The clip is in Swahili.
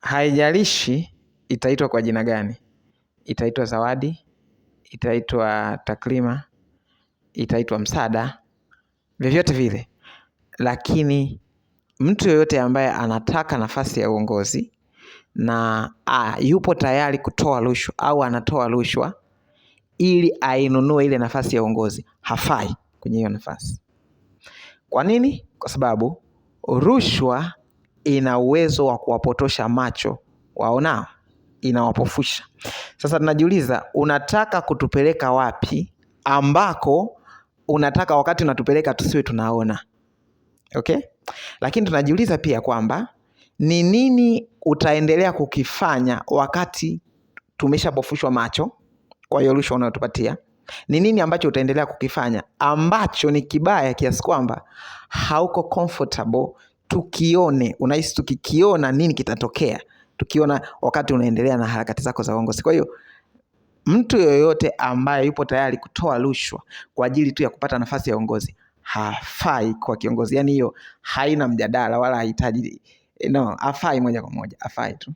haijalishi itaitwa kwa jina gani, itaitwa zawadi, itaitwa taklima itaitwa msaada, vyovyote vile, lakini mtu yoyote ambaye anataka nafasi ya uongozi na a, yupo tayari kutoa rushwa au anatoa rushwa ili ainunue ile nafasi ya uongozi hafai kwenye hiyo nafasi. Kwa nini? Kwa sababu rushwa ina uwezo wa kuwapotosha macho waonao, inawapofusha. Sasa tunajiuliza, unataka kutupeleka wapi, ambako unataka wakati unatupeleka tusiwe tunaona? Okay, lakini tunajiuliza pia kwamba ni nini utaendelea kukifanya wakati tumeshapofushwa macho kwa hiyo rushwa unayotupatia? Ni nini ambacho utaendelea kukifanya ambacho ni kibaya kiasi kwamba hauko comfortable tukione, unahisi tukikiona nini kitatokea, tukiona wakati unaendelea na harakati zako za uongozi. Kwa hiyo mtu yoyote ambaye yupo tayari kutoa rushwa kwa ajili tu ya kupata nafasi ya uongozi hafai kwa kiongozi. Yani hiyo haina mjadala wala hahitaji no, hafai moja kwa moja, hafai tu.